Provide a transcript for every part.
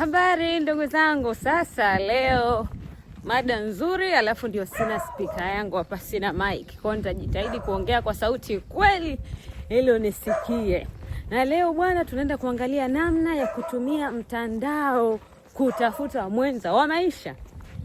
Habari ndugu zangu, sasa leo mada nzuri, alafu ndio sina spika yangu hapa, sina mic, kwa nitajitahidi kuongea kwa sauti kweli ili unisikie. Na leo bwana, tunaenda kuangalia namna ya kutumia mtandao kutafuta mwenza wa maisha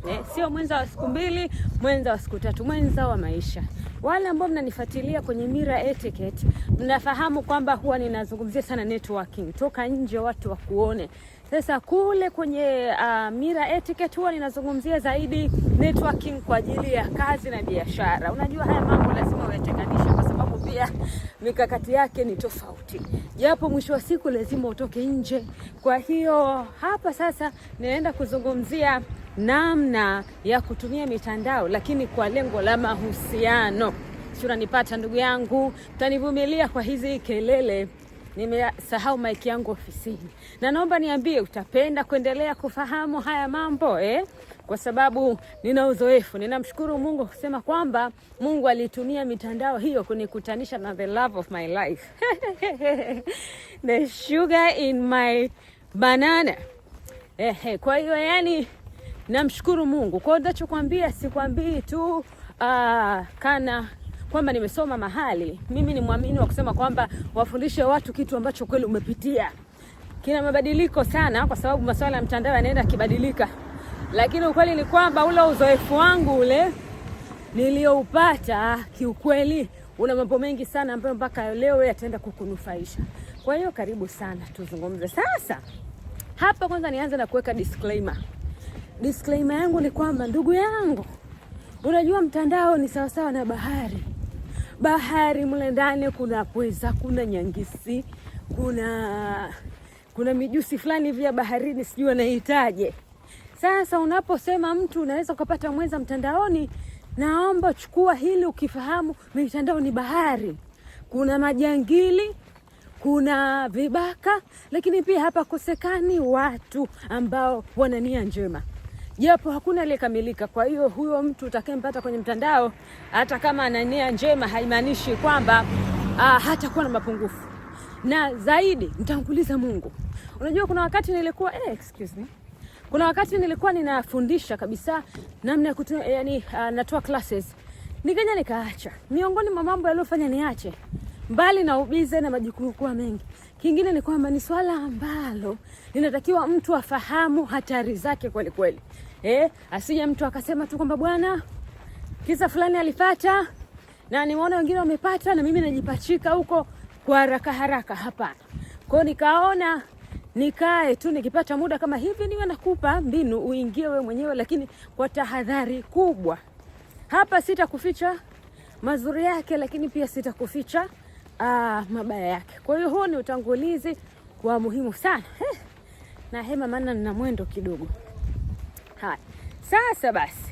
eh, sio mwenza wa siku mbili, mwenza wa siku tatu, mwenza wa maisha. Wale ambao mnanifuatilia kwenye Mira Etiquette mnafahamu kwamba huwa ninazungumzia sana networking, toka nje watu wakuone sasa kule kwenye uh, Mira Etiquette huwa ninazungumzia zaidi networking kwa ajili ya kazi na biashara. Unajua haya mambo lazima uyatenganishe kwa sababu pia mikakati yake ni tofauti, japo mwisho wa siku lazima utoke nje. Kwa hiyo hapa sasa ninaenda kuzungumzia namna ya kutumia mitandao lakini kwa lengo la mahusiano. Si unanipata ndugu yangu? Tanivumilia kwa hizi kelele nimesahau maiki yangu ofisini, na naomba niambie, utapenda kuendelea kufahamu haya mambo eh? Kwa sababu nina uzoefu. Ninamshukuru Mungu kusema kwamba Mungu alitumia mitandao hiyo kunikutanisha na the love of my life the sugar in my banana eh, eh. Kwa hiyo yani namshukuru Mungu. Kwa unachokwambia, sikwambii tu uh, kana kwamba nimesoma mahali, mimi ni mwamini wa kusema kwamba wafundishe watu kitu ambacho kweli umepitia. Kina mabadiliko sana, kwa sababu masuala ya mtandao yanaenda kibadilika, lakini ukweli ni kwamba ule uzoefu wangu ule niliyoupata kiukweli una mambo mengi sana ambayo mpaka leo yataenda kukunufaisha. Kwa hiyo karibu sana tuzungumze sasa. Hapa kwanza nianze na kuweka disclaimer. Disclaimer yangu ni kwamba ndugu yangu, unajua mtandao ni sawasawa na bahari bahari mle ndani kuna pweza, kuna nyangisi, kuna kuna mijusi fulani hivi ya baharini, sijui wanahitaje. Sasa unaposema mtu unaweza ukapata mwenza mtandaoni, naomba chukua hili ukifahamu, mitandao ni bahari, kuna majangili kuna vibaka, lakini pia hapakosekani watu ambao wana nia njema japo hakuna aliyekamilika. Kwa hiyo huyo mtu utakayempata kwenye mtandao, hata kama ana nia njema, haimaanishi kwamba ah, hatakuwa na mapungufu, na zaidi mtanguliza Mungu. Unajua, kuna wakati nilikuwa eh, excuse me kuna wakati nilikuwa ninafundisha kabisa namna ya kutu, yani, uh, natoa classes nikaja nikaacha. Miongoni mwa mambo yaliyofanya niache mbali na ubize na majukumu kuwa mengi. Kingine ni kwamba ni swala ambalo linatakiwa mtu afahamu hatari zake kweli kweli, eh, asije mtu akasema tu kwamba bwana kisa fulani alipata na nimeona wengine wamepata na mimi najipachika huko kwa haraka haraka. Hapana. Kwa nikaona nikae tu nikipata muda kama hivi, niwe nakupa mbinu uingie wewe mwenyewe, lakini kwa tahadhari kubwa. Hapa sitakuficha mazuri yake, lakini pia sitakuficha aa, ah, mabaya yake. Kwa hiyo huo ni utangulizi wa muhimu sana na hema maana nina mwendo kidogo. Haya, sasa basi,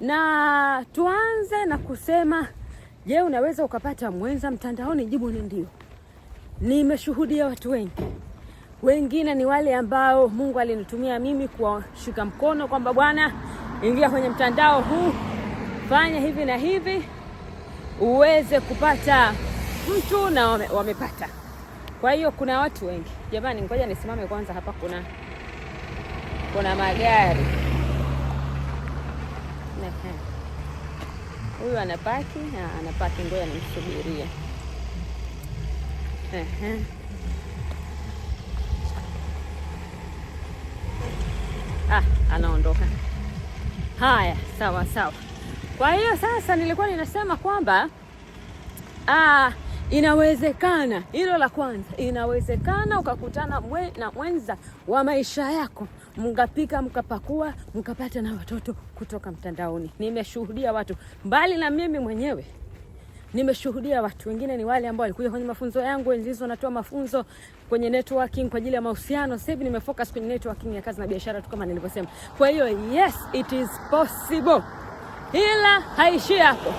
na tuanze na kusema, je, unaweza ukapata mwenza mtandaoni? Jibu ni ndio. Nimeshuhudia watu wengi, wengine ni wale ambao Mungu alinitumia mimi kuwashika mkono kwamba bwana, ingia kwenye mtandao huu, fanya hivi na hivi uweze kupata mtu na wame, wamepata. Kwa hiyo kuna watu wengi jamani, ngoja nisimame kwanza hapa, kuna kuna magari. Huyu anapaki na anapaki, ngoja nimsubirie. Ah, anaondoka. Haya, sawa sawa. Kwa hiyo sasa nilikuwa ninasema kwamba ah, Inawezekana, hilo la kwanza, inawezekana ukakutana mwe, na mwenza wa maisha yako mkapika mkapakua mkapata na watoto kutoka mtandaoni. Nimeshuhudia watu, mbali na mimi mwenyewe nimeshuhudia watu wengine, ni wale ambao walikuja kwenye mafunzo yangu, nilizo natoa mafunzo kwenye networking kwa ajili ya mahusiano. Sasa hivi nimefocus kwenye networking ya kazi na biashara tu kama nilivyosema. Kwa hiyo yes, it is possible, ila haishi hapo.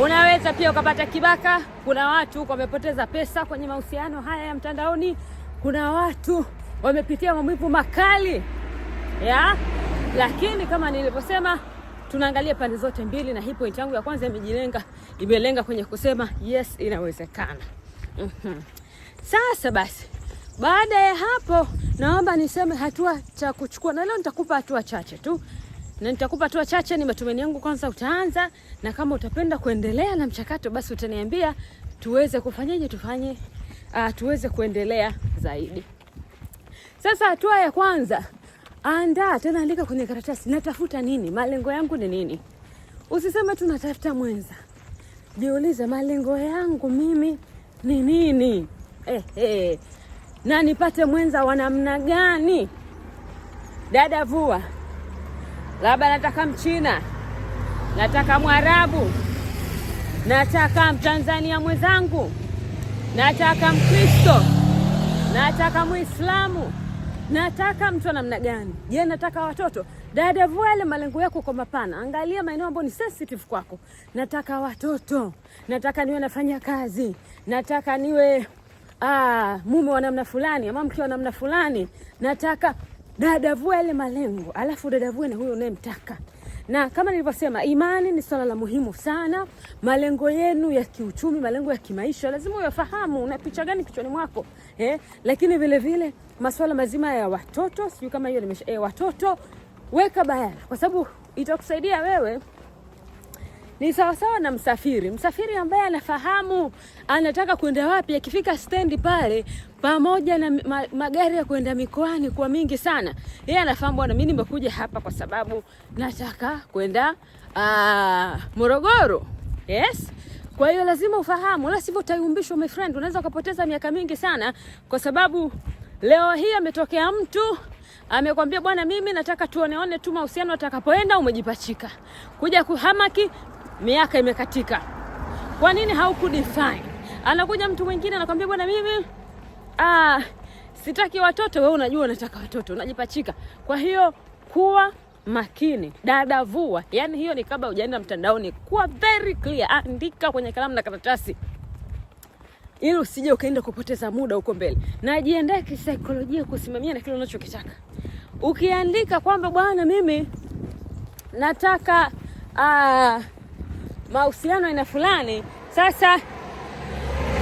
Unaweza pia ukapata kibaka. Kuna watu huko wamepoteza pesa kwenye mahusiano haya ya mtandaoni. Kuna watu wamepitia maumivu makali ya, lakini kama nilivyosema, tunaangalia pande zote mbili, na hii point yangu ya kwanza imejilenga, imelenga kwenye kusema yes, inawezekana. mm -hmm. Sasa basi, baada ya hapo, naomba niseme hatua cha kuchukua, na leo nitakupa hatua chache tu na nitakupa tu wachache. Ni matumaini yangu kwanza utaanza, na kama utapenda kuendelea na mchakato basi utaniambia tuweze kufanyaje, tufanye uh, tuweze kuendelea zaidi. Sasa hatua ya kwanza, andaa tena, andika kwenye karatasi, natafuta nini, malengo yangu ni nini. Usiseme tu natafuta mwenza, jiulize malengo yangu mimi ni nini eh, eh. na nipate mwenza wa namna gani? Dada vua labda nataka Mchina, nataka Mwarabu, nataka Mtanzania mwenzangu, nataka Mkristo, nataka Muislamu, nataka mtu wa namna gani? Je, nataka watoto? Dada Vuele, malengo yako kwa mapana, angalia maeneo ambayo ni sensitive kwako. Nataka watoto, nataka niwe nafanya kazi, nataka niwe aa, ah, mume wa namna fulani ama mke wa namna fulani, nataka dadavua yale malengo, alafu dadavue na huyo unayemtaka. Na kama nilivyosema, imani ni swala la muhimu sana. Malengo yenu ya kiuchumi, malengo ya kimaisha, lazima uyafahamu. Una picha gani kichwani mwako eh? Lakini vile vile masuala mazima ya watoto, sijui kama hiyo nimesha eh, watoto weka bayana, kwa sababu itakusaidia wewe ni sawasawa na msafiri. Msafiri ambaye anafahamu anataka kwenda wapi, akifika stendi pale, pamoja na ma magari ya kwenda mikoani kwa mingi sana, yeye anafahamu, bwana, mimi nimekuja hapa kwa sababu nataka kwenda ah, Morogoro. Yes. Kwa hiyo lazima ufahamu, la sivyo utayumbishwa my friend, unaweza ukapoteza miaka mingi sana, kwa sababu leo hii ametokea mtu amekwambia bwana, mimi nataka tuoneone tu mahusiano, atakapoenda umejipachika kuja kuhamaki miaka imekatika. Kwa nini define? Anakuja mtu mwingine anakwambia, bwana mimi ah, sitaki watoto. Wewe unajua unataka watoto, unajipachika. Kwa hiyo kuwa makini dada, vua. Yani hiyo ni kabla hujaenda mtandaoni, kuwa very clear, andika kwenye kalamu na karatasi ili usije ukaenda kupoteza muda huko mbele, na jiandae kisaikolojia kusimamia na kile unachokitaka. Ukiandika kwamba bwana, mimi nataka uh, mahusiano aina fulani. Sasa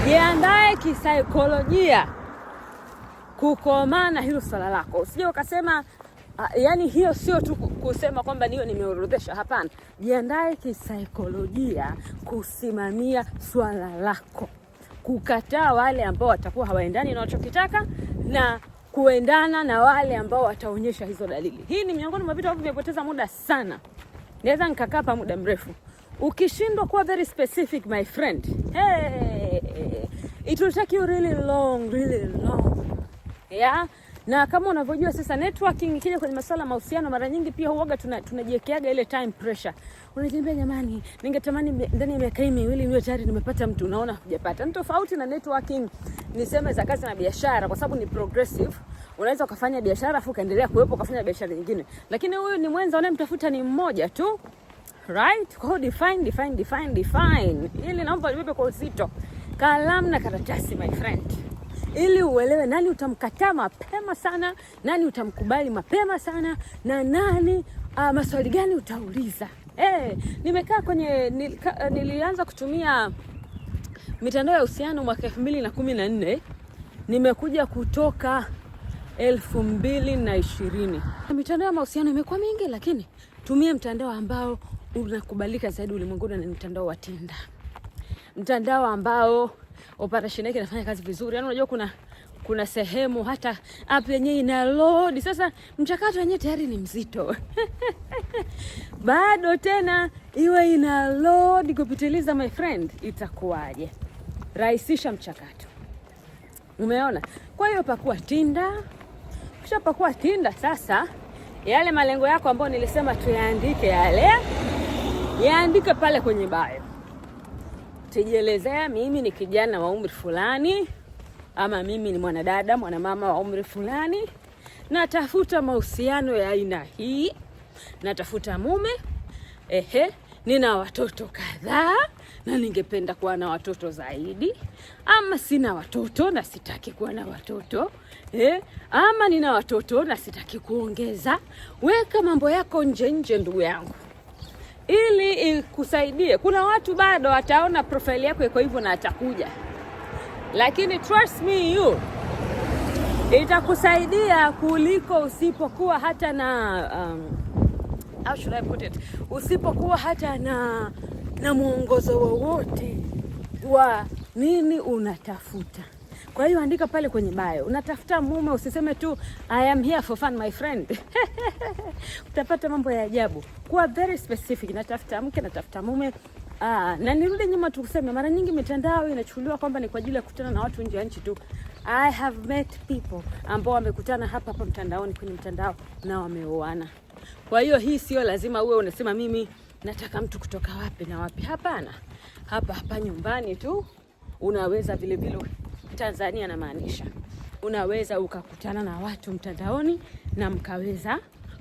jiandae kisaikolojia kukomana hilo swala lako, usije ukasema yaani hiyo sio tu kusema kwamba niyo nimeorodhesha. Hapana, jiandae kisaikolojia kusimamia swala lako, kukataa wale ambao watakuwa hawaendani na unachokitaka na kuendana na wale ambao wataonyesha hizo dalili. Hii ni miongoni mwa vitu ambavyo vimepoteza muda sana, naweza nikakaa pa muda mrefu Ukishindwa kuwa very specific my friend, hey, it will take you really long, really long. Yeah? Na kama unavyojua sasa, networking ikija kwenye masuala ya mahusiano, mara nyingi pia huoga tunajiwekeaga tuna ile time pressure. Unajiambia, jamani, ningetamani ndani ya miaka hii miwili niwe tayari nimepata mtu. Unaona hujapata. Ni tofauti na networking, niseme za kazi na biashara, kwa sababu ni progressive. Unaweza ukafanya biashara afu ukaendelea kuwepo ukafanya biashara nyingine, lakini huyu ni mwenza unayemtafuta ni mmoja tu right? Kwa define, define, define, define. Ili naomba nibebe kwa uzito, kalamu na karatasi, my friend, ili uelewe nani utamkataa mapema sana, nani utamkubali mapema sana, na nani uh, maswali gani utauliza. Hey, eh, nimekaa kwenye nilika, nilianza kutumia mitandao ya uhusiano mwaka elfu mbili na kumi na nne nimekuja kutoka elfu mbili na ishirini mitandao ya mahusiano imekuwa mingi, lakini tumie mtandao ambao unakubalika zaidi ulimwenguni ni mtandao wa Tinda, mtandao ambao operation yake inafanya kazi vizuri. Yani unajua kuna kuna sehemu hata app yenyewe ina load. Sasa mchakato wenyewe tayari ni mzito bado tena iwe ina load kupitiliza, my friend, itakuwaje? Rahisisha mchakato, umeona? Kwa hiyo pakua Tinda, kisha pakua Tinda sasa, yale malengo yako ambayo nilisema tuyaandike yale yaandike pale kwenye bio, tijielezea, mimi ni kijana wa umri fulani, ama mimi ni mwanadada mwanamama wa umri fulani, natafuta mahusiano ya aina hii, natafuta mume ehe, nina watoto kadhaa na ningependa kuwa na watoto zaidi, ama sina watoto na sitaki kuwa na watoto eh, ama nina watoto na sitaki kuongeza. Weka mambo yako nje nje, ndugu yangu ili ikusaidie. Kuna watu bado wataona profile yako iko hivyo na atakuja, lakini trust me you itakusaidia kuliko usipokuwa hata na um, how should I put it, usipokuwa hata na na mwongozo wowote wa nini unatafuta. Kwa hiyo andika pale kwenye bio, unatafuta mume, usiseme tu I am here for fun my friend utapata mambo ya ajabu. Kuwa very specific, natafuta mke, natafuta mume. Aa, ah, na nirudi nyuma tukuseme, mara nyingi mitandao inachukuliwa kwamba ni kwa ajili ya kukutana na watu nje ya nchi tu. I have met people ambao wamekutana hapa hapa mtandaoni, kwenye mtandao na wameoana. Kwa hiyo hii sio lazima uwe unasema mimi nataka mtu kutoka wapi na wapi. Hapana, hapa hapa nyumbani tu unaweza vilevile Tanzania namaanisha, unaweza ukakutana na watu mtandaoni na mkaweza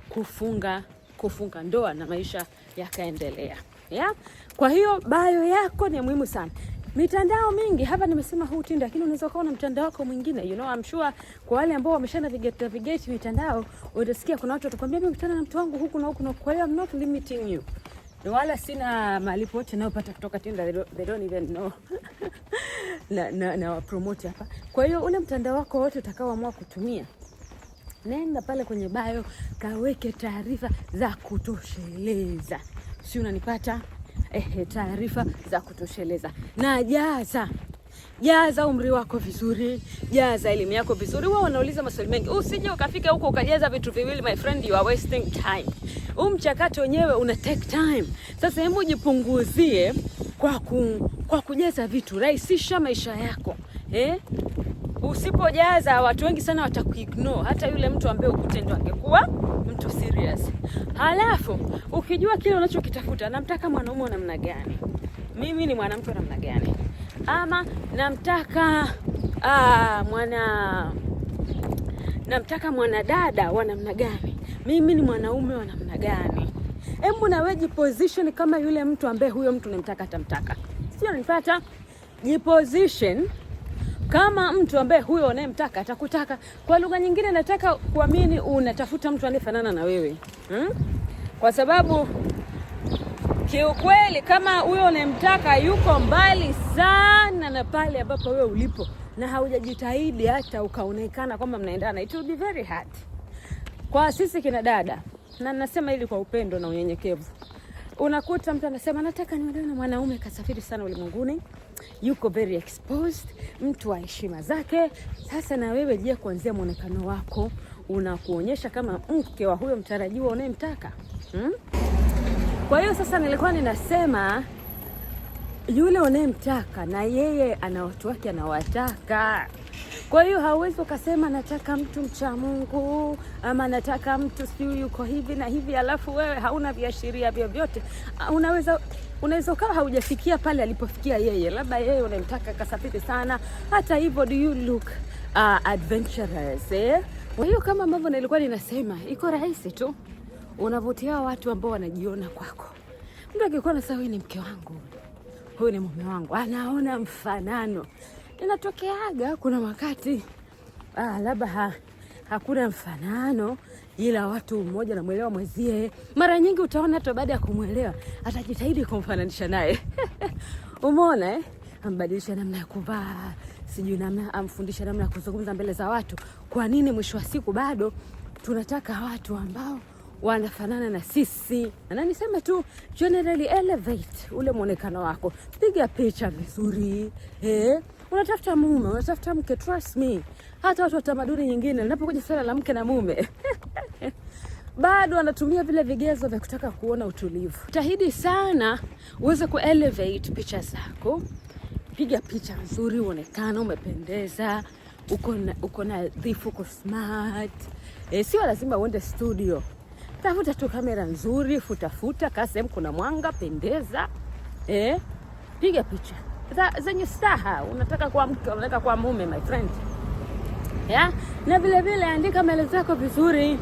kufunga kufunga ndoa na maisha yakaendelea, yeah? Kwa hiyo bayo yako ni muhimu sana. Mitandao mingi hapa nimesema huu Tinder, lakini unaweza ukawa na mtandao wako mwingine. You know, I'm sure kwa wale ambao wamesha navigate navigate mitandao, utasikia kuna watu watakwambia mimi mkutana na mtu wangu huku na huku, na kwa hiyo I'm not limiting you wala sina malipo yote nayopata kutoka Tenda, they don't even know na, na, na promote hapa. Kwa hiyo ule mtandao wako wote utakaoamua kutumia, nenda pale kwenye bio kaweke taarifa za kutosheleza, si unanipata? Ehe, taarifa za kutosheleza na jaza Jaza umri wako vizuri, jaza elimu yako vizuri. Wao wanauliza maswali mengi, usije ukafika huko ukajaza vitu viwili, my friend, you are wasting time. Huu mchakato wenyewe una take time. Sasa hebu jipunguzie kwa, ku, kwa kujaza vitu, rahisisha maisha yako eh? Usipojaza watu wengi sana watakuignore, hata yule mtu ambaye ukute ndo angekuwa mtu serious. Halafu ukijua kile unachokitafuta, namtaka mwanaume wa namna gani, mimi ni mwanamke wa namna gani ama namtaka aa, ah, mwana namtaka mwanadada wa namna gani? Mimi ni mwanaume wa namna gani? Hebu nawe jiposition kama yule mtu ambaye huyo mtu namtaka atamtaka, sio? Nipata jiposition kama mtu ambaye huyo unayemtaka atakutaka. Kwa lugha nyingine, nataka kuamini unatafuta mtu anayefanana na wewe hmm? kwa sababu Kiukweli, kama huyo unayemtaka yuko mbali sana na pale ambapo wewe ulipo na haujajitahidi hata ukaonekana kwamba mnaendana, it will be very hard kwa sisi kina dada, na nasema hili kwa upendo na unyenyekevu. Unakuta mtu anasema nataka niolewe na mwanaume kasafiri sana ulimwenguni, yuko very exposed, mtu wa heshima zake. Sasa na wewe je, kuanzia mwonekano wako unakuonyesha kama mke wa huyo mtarajiwa unayemtaka hmm? Kwa hiyo sasa nilikuwa ninasema yule unayemtaka na yeye ana watu wake anawataka. Kwa hiyo hauwezi ukasema nataka mtu mcha Mungu ama nataka mtu sijui yuko hivi na hivi, alafu wewe hauna viashiria vyovyote. Unaweza unaweza ukawa haujafikia pale alipofikia yeye, labda yeye unayemtaka kasafiri sana. Hata hivyo, do you look uh, adventurous eh? Kwa hiyo kama ambavyo nilikuwa ninasema, iko rahisi tu unavutia watu ambao wanajiona kwako. Mtu akikuwa na huyu ni mke wangu, huyu ni mume wangu, anaona mfanano. Inatokeaga kuna wakati ah, labda ha, hakuna mfanano, ila watu mmoja namwelewa mwezie. Mara nyingi utaona hata baada ya kumwelewa atajitahidi kumfananisha naye umeona eh? ambadilisha namna ya kuvaa, sijui namna, amfundisha namna ya kuzungumza mbele za watu. Kwa nini mwisho wa siku bado tunataka watu ambao wanafanana na sisi, na niseme tu generally elevate ule mwonekano wako, piga picha vizuri eh. Unatafuta mume, unatafuta mke, trust me, hata watu wa tamaduni nyingine, linapokuja swala la mke na mume bado wanatumia vile vigezo vya kutaka kuona utulivu. Jitahidi sana uweze ku elevate picha zako, piga picha nzuri, uonekana umependeza, uko na nadhifu, uko smart. E, sio lazima uende studio tafuta tu kamera nzuri, futafuta, kaa sehemu kuna mwanga, pendeza eh, piga picha zenye staha, unataka kwa mke, unataka kwa mume, my friend ya? Na vile vile andika maelezo yako vizuri,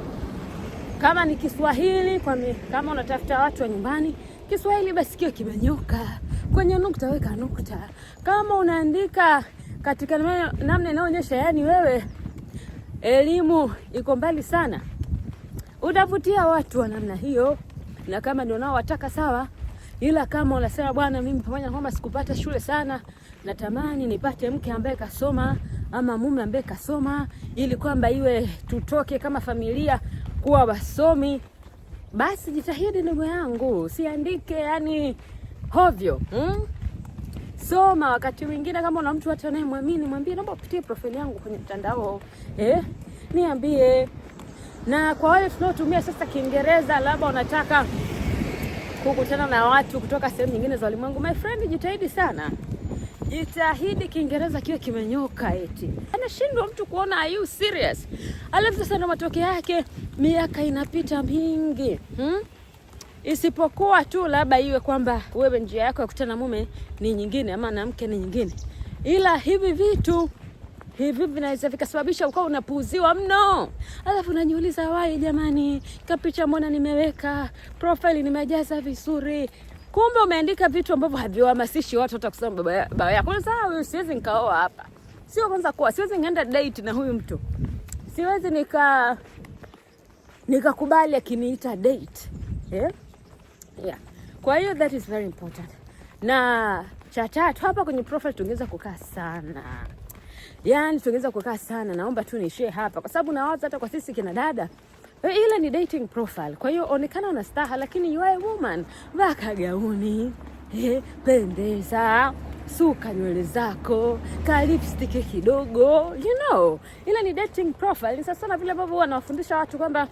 kama ni Kiswahili kwa mi, kama unatafuta watu wa nyumbani Kiswahili basi kio kimenyoka, kwenye nukta weka nukta. Kama unaandika katika namna inayoonyesha yani wewe elimu iko mbali sana Utavutia watu wa namna hiyo, na kama ndio nao wataka sawa, ila kama unasema bwana, mimi pamoja na kwamba sikupata shule sana, natamani nipate mke ambaye kasoma ama mume ambaye kasoma, ili kwamba iwe tutoke kama familia kuwa wasomi, basi jitahidi ndugu yangu, siandike yani hovyo hmm? Soma. Wakati mwingine kama una mtu hata unayemwamini, mwambie naomba upitie profile yangu kwenye mtandao eh, niambie na kwa wale tunaotumia sasa Kiingereza, labda unataka kukutana na watu kutoka sehemu nyingine za ulimwengu, my friend, jitahidi sana, jitahidi Kiingereza kiwe kimenyoka. Eti anashindwa mtu kuona, are you serious? Alafu sasa ndo matokeo yake miaka inapita mingi hmm? Isipokuwa tu labda iwe kwamba wewe njia yako ya kukutana na mume ni nyingine ama na mke ni nyingine, ila hivi vitu hivi vinaweza vikasababisha ukawa unapuuziwa mno, alafu unajiuliza wai, jamani, kapicha mbona nimeweka profile nimejaza vizuri, kumbe umeandika vitu ambavyo haviwahamasishi watu hata kusema baba yako. Sasa siwezi nikaoa hapa, sio kwanza kuwa siwezi nikaenda date na huyu mtu, siwezi nika nikakubali akiniita date yeah? Yeah. Kwa hiyo that is very important. Na cha tatu hapa kwenye profile tungeweza kukaa sana yani tungeweza kukaa sana. Naomba tu niishie hapa, kwa sababu nawaza hata kwa sisi kina dada e, eh, ile ni dating profile. Kwa hiyo onekana una staha, lakini you are a woman. Vaka gauni, e, eh, pendeza, suka nywele zako, ka lipstick kidogo, you know. Ile ni dating profile. Sasa sana vile ambavyo wanawafundisha watu kwamba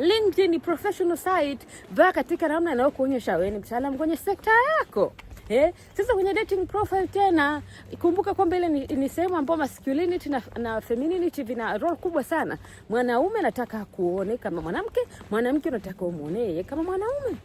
LinkedIn ni professional site, vaa katika namna inayokuonyesha wewe ni mtaalamu kwenye sekta yako. Eh, sasa kwenye dating profile tena kumbuka kwamba ile ni, ni sehemu ambayo masculinity na, na femininity vina role kubwa sana. Mwanaume anataka kuone kama mwanamke, mwanamke unataka umuone kama mwanaume.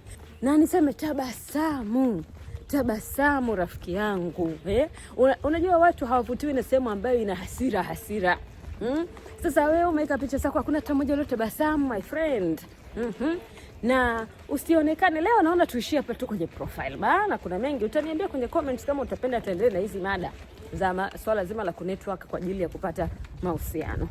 Na niseme tabasamu. Tabasamu rafiki yangu eh? Una, unajua watu hawavutiwi na sehemu ambayo ina hasira hasira. Mm? Sasa wewe umeweka picha zako hakuna hata moja lolote tabasamu my friend. Mhm. Mm na usionekane leo. Naona tuishie hapa tu kwenye profile, maana kuna mengi. Utaniambia kwenye comments kama utapenda tuendelee na hizi mada za swala zima la kunetwork kwa ajili ya kupata mahusiano.